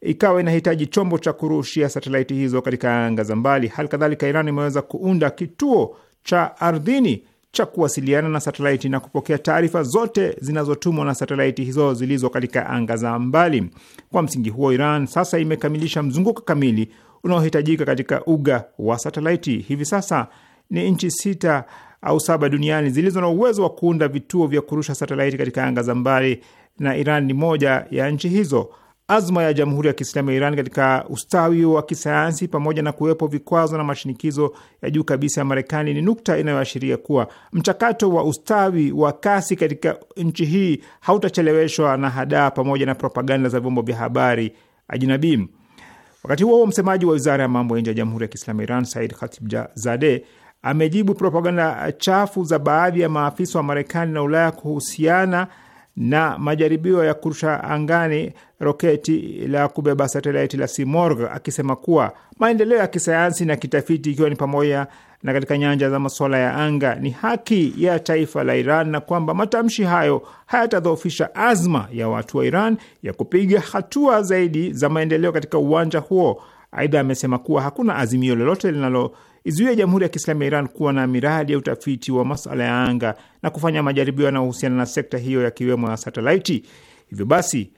ikawa inahitaji chombo cha kurushia satelaiti hizo katika anga za mbali. Hali kadhalika, Iran imeweza kuunda kituo cha ardhini cha kuwasiliana na satelaiti na kupokea taarifa zote zinazotumwa na satelaiti hizo zilizo katika anga za mbali. Kwa msingi huo, Iran sasa imekamilisha mzunguko kamili unaohitajika katika uga wa satelaiti. Hivi sasa ni nchi sita au saba duniani zilizo na uwezo wa kuunda vituo vya kurusha satelaiti katika anga za mbali na Iran ni moja ya nchi hizo azma ya Jamhuri ya Kiislamu ya Iran katika ustawi wa kisayansi pamoja na kuwepo vikwazo na mashinikizo ya juu kabisa ya Marekani ni nukta inayoashiria kuwa mchakato wa ustawi wa kasi katika nchi hii hautacheleweshwa na hadaa pamoja na propaganda za vyombo vya habari ajinabi. Wakati huo msemaji wa wizara ya mambo ya nje ya Jamhuri ya Kiislamu ya Iran Said Khatibzadeh amejibu propaganda chafu za baadhi ya maafisa wa Marekani na Ulaya kuhusiana na majaribio ya kurusha angani roketi la kubeba satelaiti la Simorg akisema kuwa maendeleo ya kisayansi na kitafiti, ikiwa ni pamoja na katika nyanja za masuala ya anga, ni haki ya taifa la Iran na kwamba matamshi hayo hayatadhoofisha azma ya watu wa Iran ya kupiga hatua zaidi za maendeleo katika uwanja huo. Aidha, amesema kuwa hakuna azimio lolote linalo izuia Jamhuri ya Kiislamu ya Iran kuwa na miradi ya utafiti wa masuala ya anga na kufanya majaribio yanayohusiana na sekta hiyo yakiwemo ya satelaiti. Hivyo basi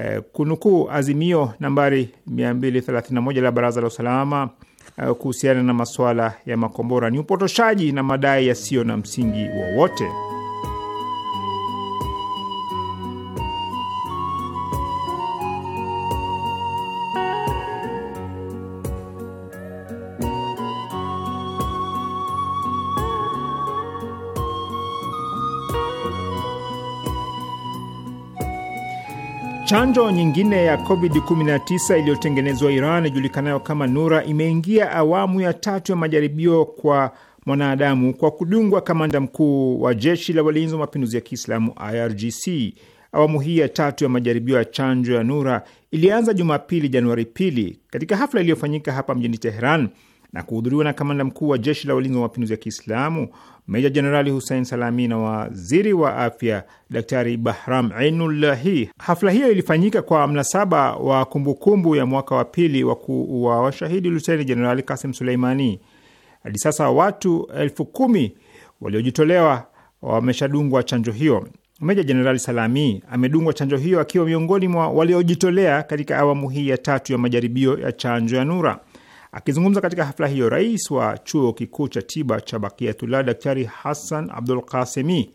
Eh, kunukuu azimio nambari 231 la Baraza la Usalama eh, kuhusiana na masuala ya makombora ni upotoshaji na madai yasiyo na msingi wowote. Chanjo nyingine ya COVID-19 iliyotengenezwa Iran ijulikanayo kama Nura imeingia awamu ya tatu ya majaribio kwa mwanadamu kwa kudungwa kamanda mkuu wa jeshi la walinzi wa mapinduzi ya Kiislamu IRGC. Awamu hii ya tatu ya majaribio ya chanjo ya Nura ilianza Jumapili, Januari pili, katika hafla iliyofanyika hapa mjini Teheran na kuhudhuriwa na kamanda mkuu wa jeshi la walinzi wa mapinduzi ya Kiislamu Meja Jenerali Hussein Salami na waziri wa afya Daktari Bahram einullahi Hafla hiyo ilifanyika kwa mnasaba wa kumbukumbu ya mwaka wa pili wa kuuawa washahidi Luteni Jenerali Kasim Suleimani. Hadi sasa watu elfu kumi waliojitolewa wameshadungwa chanjo hiyo. Meja Jenerali Salami amedungwa chanjo hiyo akiwa miongoni mwa waliojitolea katika awamu hii ya tatu ya majaribio ya chanjo ya Nura. Akizungumza katika hafla hiyo, rais wa chuo kikuu cha tiba cha Bakiatullah Daktari Hassan Abdul Kasemi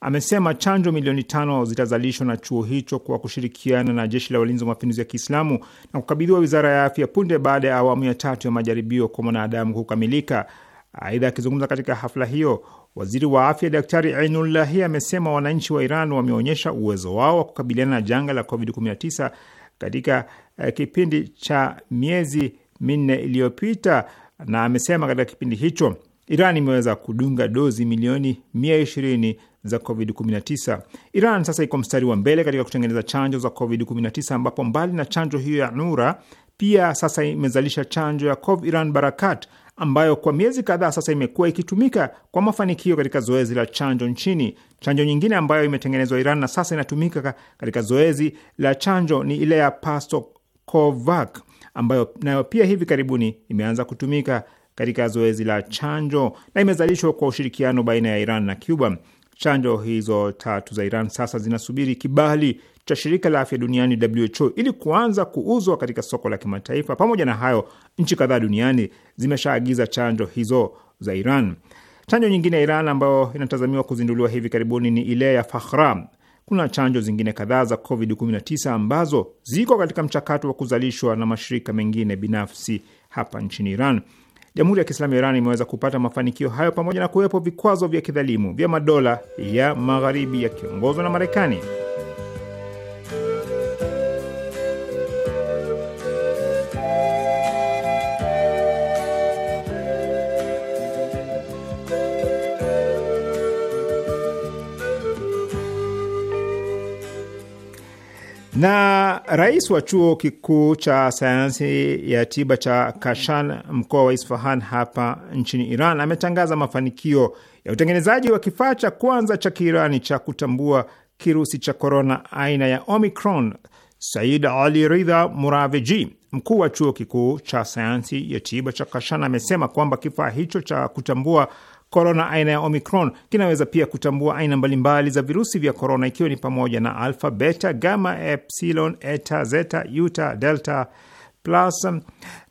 amesema chanjo milioni tano zitazalishwa na chuo hicho kwa kushirikiana na jeshi la walinzi wa mapinduzi ya Kiislamu na kukabidhiwa wizara ya afya punde baada ya awamu ya tatu ya majaribio kwa mwanadamu kukamilika. Aidha, akizungumza katika hafla hiyo, waziri wa afya Daktari Ainullahi amesema wananchi wa Iran wameonyesha uwezo wao wa kukabiliana na janga la COVID-19 katika eh, kipindi cha miezi minne iliyopita, na amesema katika kipindi hicho Iran imeweza kudunga dozi milioni 120 za COVID-19. Iran sasa iko mstari wa mbele katika kutengeneza chanjo za COVID-19 ambapo mbali na chanjo hiyo ya Nura pia sasa imezalisha chanjo ya Iran Barakat ambayo kwa miezi kadhaa sasa imekuwa ikitumika kwa mafanikio katika zoezi la chanjo nchini. Chanjo nyingine ambayo imetengenezwa Iran na sasa inatumika katika zoezi la chanjo ni ile ya Covac ambayo nayo pia hivi karibuni imeanza kutumika katika zoezi la chanjo na imezalishwa kwa ushirikiano baina ya Iran na Cuba. Chanjo hizo tatu za Iran sasa zinasubiri kibali cha shirika la afya duniani WHO ili kuanza kuuzwa katika soko la kimataifa. Pamoja na hayo, nchi kadhaa duniani zimeshaagiza chanjo hizo za Iran. Chanjo nyingine ya Iran ambayo inatazamiwa kuzinduliwa hivi karibuni ni ile ya Fakhra kuna chanjo zingine kadhaa za COVID-19 ambazo ziko katika mchakato wa kuzalishwa na mashirika mengine binafsi hapa nchini Iran. Jamhuri ya Kiislamu ya Iran imeweza kupata mafanikio hayo pamoja na kuwepo vikwazo vya kidhalimu vya madola ya Magharibi yakiongozwa na Marekani. Na rais wa chuo kikuu cha sayansi ya tiba cha Kashan, mkoa wa Isfahan hapa nchini Iran, ametangaza mafanikio ya utengenezaji wa kifaa cha kwanza cha Kiirani cha kutambua kirusi cha korona aina ya Omicron. Said Ali Ridha Muraveji, mkuu wa chuo kikuu cha sayansi ya tiba cha Kashan, amesema kwamba kifaa hicho cha kutambua korona aina ya Omicron. Kinaweza pia kutambua aina mbalimbali za virusi vya korona, ikiwa ni pamoja na alfa, beta, gama, epsilon, eta, zeta, yuta, delta plus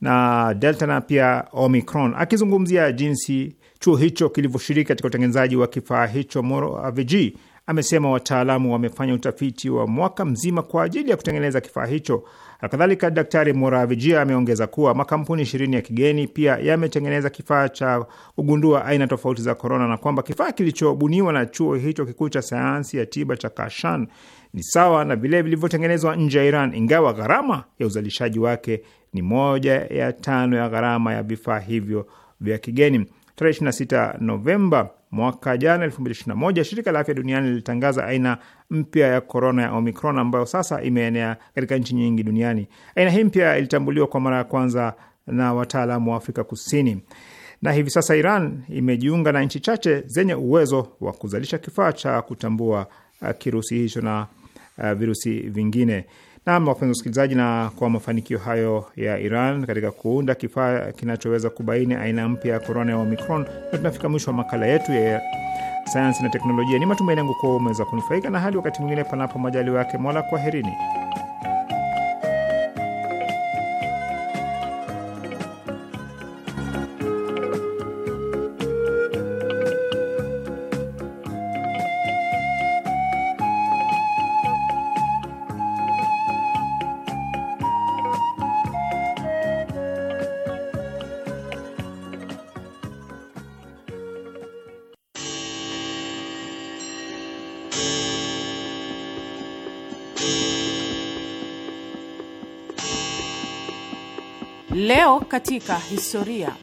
na delta na pia Omicron. Akizungumzia jinsi chuo hicho kilivyoshiriki katika utengenezaji wa kifaa hicho, Moraviji amesema wataalamu wamefanya utafiti wa mwaka mzima kwa ajili ya kutengeneza kifaa hicho. Kadhalika, Daktari Moravijia ameongeza kuwa makampuni ishirini ya kigeni pia yametengeneza kifaa cha kugundua aina tofauti za korona na kwamba kifaa kilichobuniwa na chuo hicho kikuu cha sayansi ya tiba cha Kashan ni sawa na vile vilivyotengenezwa nje ya Iran, ingawa gharama ya uzalishaji wake ni moja ya tano ya gharama ya vifaa hivyo vya kigeni. Tarehe 26 Novemba mwaka jana 2021, shirika la afya duniani lilitangaza aina mpya ya korona ya Omicron ambayo sasa imeenea katika nchi nyingi duniani. Aina hii mpya ilitambuliwa kwa mara ya kwanza na wataalamu wa Afrika Kusini, na hivi sasa Iran imejiunga na nchi chache zenye uwezo wa kuzalisha kifaa cha kutambua uh, kirusi hicho na uh, virusi vingine. Nam, wapenzi wasikilizaji, na kwa mafanikio hayo ya Iran katika kuunda kifaa kinachoweza kubaini aina mpya ya korona ya Omicron, na tunafika mwisho wa makala yetu ya sayansi na teknolojia. Ni matumaini yangu kuwa umeweza kunufaika, na hadi wakati mwingine, panapo majaliwa yake Mola, kwaherini. katika historia.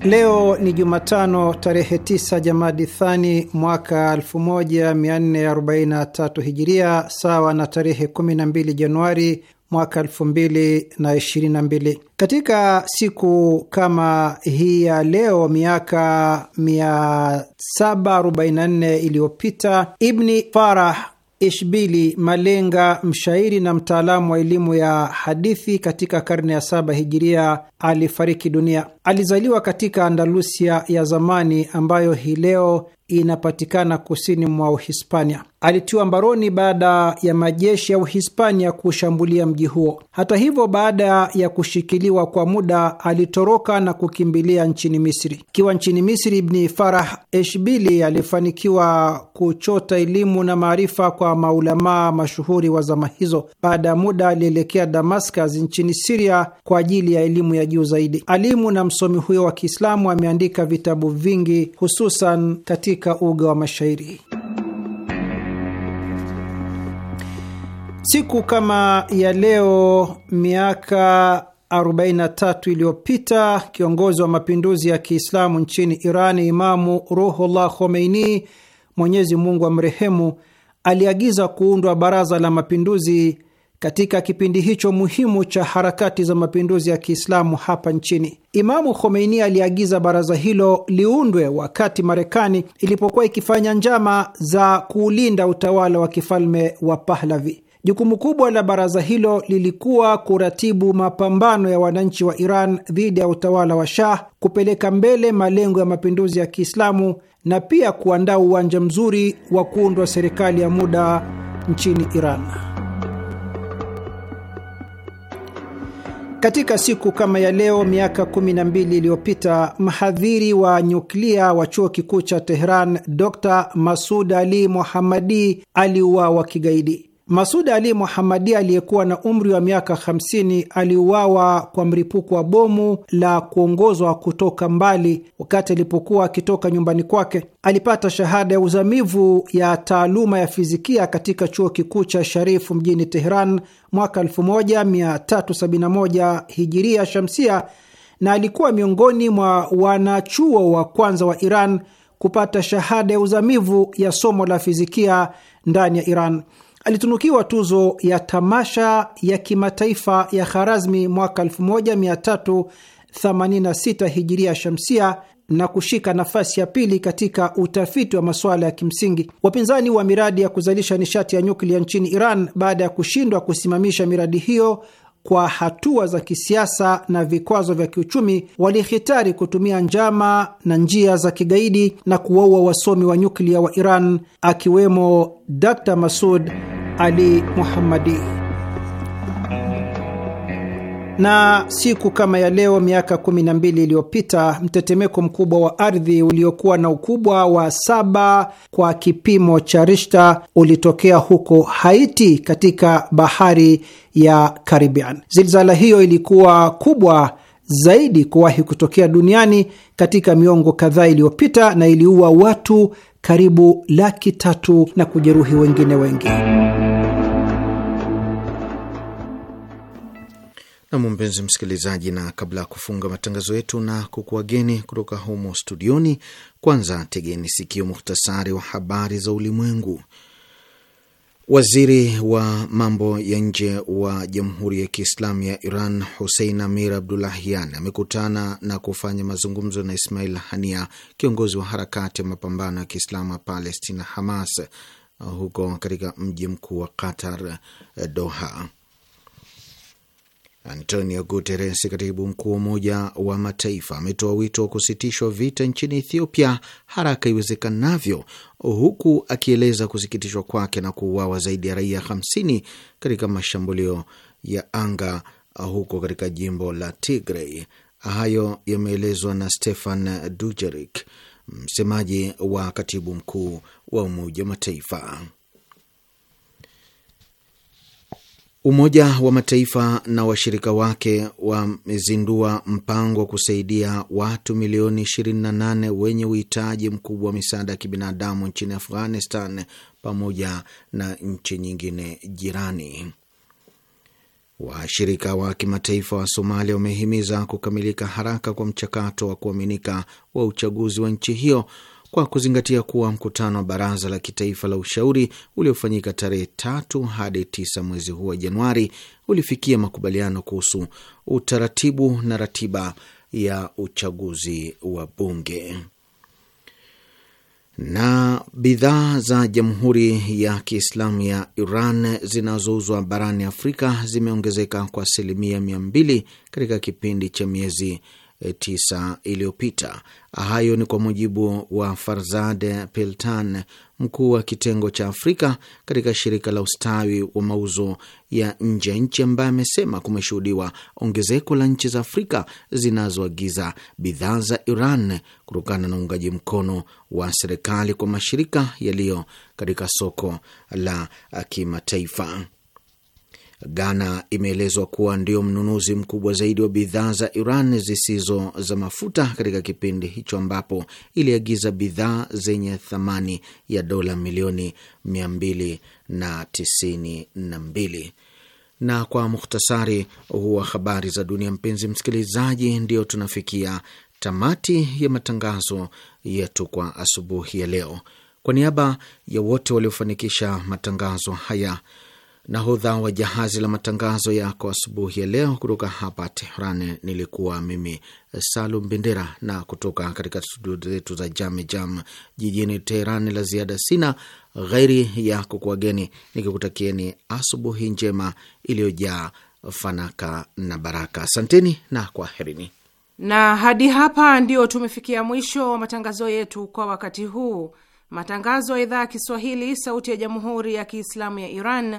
Leo ni Jumatano, tarehe 9 Jamadi Thani mwaka 1443 Hijiria, sawa na tarehe 12 Januari mwaka 2022. Katika siku kama hii ya leo miaka 744 iliyopita Ibni Farah Ishbili Malenga, mshairi na mtaalamu wa elimu ya hadithi katika karne ya saba hijiria, alifariki dunia. Alizaliwa katika Andalusia ya zamani ambayo hii leo inapatikana kusini mwa Uhispania. Alitiwa mbaroni baada ya majeshi ya Uhispania kushambulia mji huo. Hata hivyo, baada ya kushikiliwa kwa muda, alitoroka na kukimbilia nchini Misri. Akiwa nchini Misri, Ibni Farah Eshbili alifanikiwa kuchota elimu na maarifa kwa maulamaa mashuhuri wa zama hizo. Baada ya muda, alielekea Damascus nchini Siria kwa ajili ya elimu ya juu zaidi. Alimu na msomi huyo wa Kiislamu ameandika vitabu vingi, hususan katika katika uga wa mashairi. Siku kama ya leo miaka 43 iliyopita kiongozi wa mapinduzi ya Kiislamu nchini Iran, Imamu Ruhullah Khomeini, Mwenyezi Mungu amrehemu, aliagiza kuundwa Baraza la Mapinduzi katika kipindi hicho muhimu cha harakati za mapinduzi ya Kiislamu hapa nchini. Imamu Khomeini aliagiza baraza hilo liundwe wakati Marekani ilipokuwa ikifanya njama za kuulinda utawala wa kifalme wa Pahlavi. Jukumu kubwa la baraza hilo lilikuwa kuratibu mapambano ya wananchi wa Iran dhidi ya utawala wa Shah, kupeleka mbele malengo ya mapinduzi ya Kiislamu na pia kuandaa uwanja mzuri wa kuundwa serikali ya muda nchini Iran. Katika siku kama ya leo miaka 12 iliyopita mhadhiri wa nyuklia wa chuo kikuu cha Tehran Dr Masud Ali Mohammadi aliuawa kigaidi. Masud Ali Muhamadi aliyekuwa na umri wa miaka 50 aliuawa kwa mlipuko wa bomu la kuongozwa kutoka mbali wakati alipokuwa akitoka nyumbani kwake. Alipata shahada ya uzamivu ya taaluma ya fizikia katika chuo kikuu cha Sharifu mjini Teheran mwaka 1371 hijiria shamsia, na alikuwa miongoni mwa wanachuo wa kwanza wa Iran kupata shahada ya uzamivu ya somo la fizikia ndani ya Iran. Alitunukiwa tuzo ya tamasha ya kimataifa ya Kharazmi mwaka 1386 hijiria shamsia na kushika nafasi ya pili katika utafiti wa masuala ya kimsingi. Wapinzani wa miradi ya kuzalisha nishati ya nyuklia nchini Iran, baada ya kushindwa kusimamisha miradi hiyo, kwa hatua za kisiasa na vikwazo vya kiuchumi, walihitari kutumia njama na njia za kigaidi na kuwaua wasomi wa nyuklia wa Iran akiwemo Dr Masud Ali Muhammadi. Na siku kama ya leo miaka 12 iliyopita mtetemeko mkubwa wa ardhi uliokuwa na ukubwa wa saba kwa kipimo cha Rishta ulitokea huko Haiti katika bahari ya Caribbean. Zilzala hiyo ilikuwa kubwa zaidi kuwahi kutokea duniani katika miongo kadhaa iliyopita na iliua watu karibu laki tatu na kujeruhi wengine wengi. Nam, mpenzi msikilizaji, na kabla ya kufunga matangazo yetu na kukuwageni kutoka humo studioni, kwanza tegeni sikio muhtasari wa habari za ulimwengu. Waziri wa mambo ya nje wa Jamhuri ya Kiislamu ya Iran Hussein Amir Abdulahian amekutana na kufanya mazungumzo na Ismail Hania, kiongozi wa harakati ya mapambano ya Kiislamu ya Palestina, Hamas, huko katika mji mkuu wa Qatar, Doha. Antonio Guterres, katibu mkuu wa Umoja wa Mataifa, ametoa wito wa kusitishwa vita nchini Ethiopia haraka iwezekanavyo, huku akieleza kusikitishwa kwake na kuuawa zaidi ya raia 50 katika mashambulio ya anga huko katika jimbo la Tigray. Hayo yameelezwa na Stefan Dujerik, msemaji wa katibu mkuu wa Umoja wa Mataifa. Umoja wa Mataifa na washirika wake wamezindua mpango wa kusaidia watu milioni 28 wenye uhitaji mkubwa wa misaada ya kibinadamu nchini Afghanistan pamoja na nchi nyingine jirani. Washirika wa kimataifa wa Somalia wamehimiza kukamilika haraka kwa mchakato wa kuaminika wa uchaguzi wa nchi hiyo kwa kuzingatia kuwa mkutano wa Baraza la Kitaifa la Ushauri uliofanyika tarehe tatu hadi tisa mwezi huu wa Januari ulifikia makubaliano kuhusu utaratibu na ratiba ya uchaguzi wa bunge na bidhaa za Jamhuri ya Kiislamu ya Iran zinazouzwa barani Afrika zimeongezeka kwa asilimia mia mbili katika kipindi cha miezi tisa iliyopita. Hayo ni kwa mujibu wa Farzad Peltan, mkuu wa kitengo cha Afrika katika shirika la ustawi wa mauzo ya nje ya nchi, ambaye amesema kumeshuhudiwa ongezeko la nchi za Afrika zinazoagiza bidhaa za Iran kutokana na uungaji mkono wa serikali kwa mashirika yaliyo katika soko la kimataifa. Ghana imeelezwa kuwa ndio mnunuzi mkubwa zaidi wa bidhaa za Iran zisizo za mafuta katika kipindi hicho ambapo iliagiza bidhaa zenye thamani ya dola milioni 292. Na kwa muhtasari huu wa habari za dunia, mpenzi msikilizaji, ndio tunafikia tamati ya matangazo yetu kwa asubuhi ya leo. Kwa niaba ya wote waliofanikisha matangazo haya nahodha wa jahazi la matangazo yako asubuhi ya leo kutoka hapa Tehran nilikuwa mimi eh, Salum Bendera, na kutoka katika studio zetu za Jam Jam jijini Teheran, la ziada sina ghairi ya kukuageni nikikutakieni asubuhi njema iliyojaa fanaka na baraka. Asanteni na kwaherini. Na hadi hapa ndio tumefikia mwisho wa matangazo yetu kwa wakati huu. Matangazo ya idhaa ya Kiswahili, sauti ya jamhuri ya kiislamu ya Iran